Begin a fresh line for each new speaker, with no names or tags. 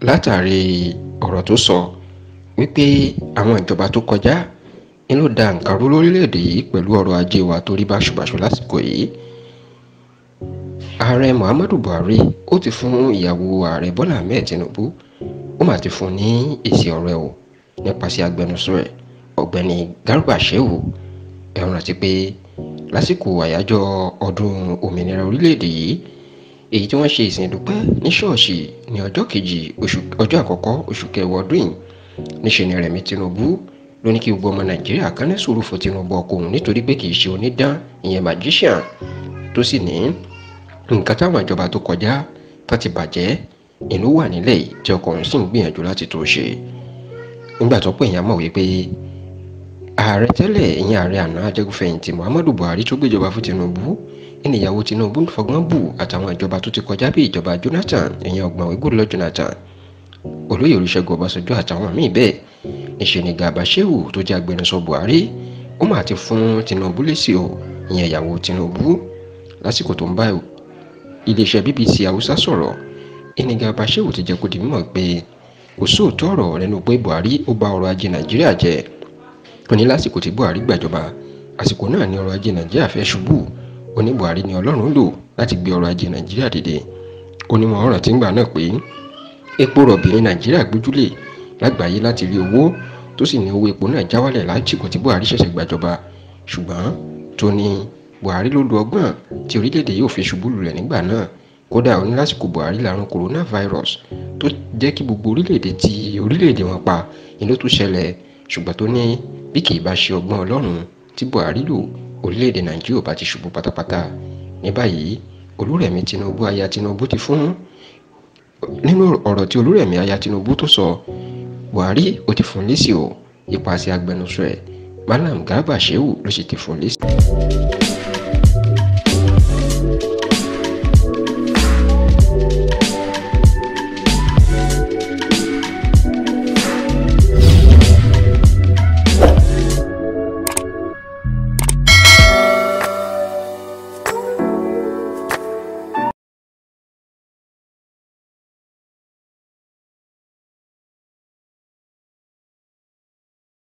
látàrí ọ̀rọ̀ tó sọ wípé àwọn ìjọba tó kọjá ń ló da nǹkan rú lórílẹ̀‐èdè yìí pẹ̀lú ọrọ̀ ajé wa tó rí báṣubàṣu lásìkò yìí ààrẹ muhammadu buhari ó ti fún ìyàwó ààrẹ bọ́lá ahmed tinubu ó mà ti fún ní èsì ọ̀rọ̀ ẹ̀ o nípasẹ̀ agbẹnusọ ẹ̀ ọ̀gbẹ́ni garba shehu ẹ rántí pé lásìkò àyájọ́ ọdún òmìnira orílẹ̀‐èdè yìí èyí tí wọ́n ṣe ìsìn ìdúpẹ́ ní ṣọ́ọ̀ṣì ní ọjọ́ kejì ọjọ́ àkọ́kọ́ oṣù kẹwàá ọdún yìí níṣẹ́ ni Rẹ̀mí Tinubu ló ní kí gbogbo ọmọ Nàìjíríà kan ní sùúrù fún Tinubu ọkùnrin nítorí pé kì í ṣe onídán ìyẹn magician tó sì ní nǹkan táwọn ìjọba tó kọjá tó ti bàjẹ́ ìlú wà nílẹ̀ yìí tí ọkùnrin sì ń gbìyànjú láti tó ṣe nígbà tó pè yàn mọ̀ wípé ààrẹ tẹ́lẹ̀ ìyẹn ààrẹ àná ajẹ́gúnfẹ̀yìntì muhammadu buhari tó gbéjọba fún tinubu ìníyàwó tinubu ń fọgbọ́n bù àtàwọn ìjọba tó ti kọjá bí ìjọba jonathan ìyẹn ọgbọ̀n ìgbòlọ́ jonathan olóyè olùṣègùn ọbásanjọ́ àtàwọn míì bẹ́ẹ̀ níṣẹ́ ni gàbà shehu tó jẹ́ agbẹnusọ buhari ó mà ti fún tinubu lésì o ìyẹn ìyàwó tinubu lásìkò tó ń bá iléeṣẹ́ bbc haúsá sọ̀rọ̀ ìnìgà bá shehu ti jẹ́ kó di mímọ̀ pé kò sóòótọ́ ọ̀rọ̀ lẹ́nu pé buhari ó bà ọrọ̀ ajé nàìjíríà jẹ́ ó ní lásìkò tí Buhari gbàjọba àsìkò náà ni ọrọ̀ ajé Nàìjíríà fẹ́ ṣubú ó ní Buhari ni Ọlọ́run lò láti gbé ọrọ̀ ajé Nàìjíríà dìde ó ní mo rántí ńgbà náà pé epo rọ̀bì ní Nàìjíríà gbójúlé lágbàáyé láti rí owó tó sì ní owó epo náà já wálẹ̀ lásìkò tí Buhari ṣẹ̀ṣẹ̀ gbàjọba ṣùgbọ́n tó ní Buhari ló lo ọgbọ́n tí orílẹ̀-èdè yóò fi ṣubú lulẹ̀ nígbà náà kódà ó ní lásìkò Buhari làrùn coronavirus tó jẹ́ kí gbogbo orílẹ̀-èdè ti orílẹ̀-èdè wọn pa ìlú tó ṣẹlẹ̀ ṣùgbọ́n tó ní bí kì í bá ṣe ọgbọ́n ọlọ́run tí buhari lò orílẹ̀-èdè nàìjíríà bá ti ṣubú pátápátá ní báyìí olúrẹ̀mí tinubu aya tinubu ti fún nínú ọ̀rọ̀ tí olúrẹ̀mí aya tinubu tó sọ buhari ó ti fún lésì o ipasẹ̀ agbẹnusọ ẹ̀ malam garba shehu ló sì ti fún lésì.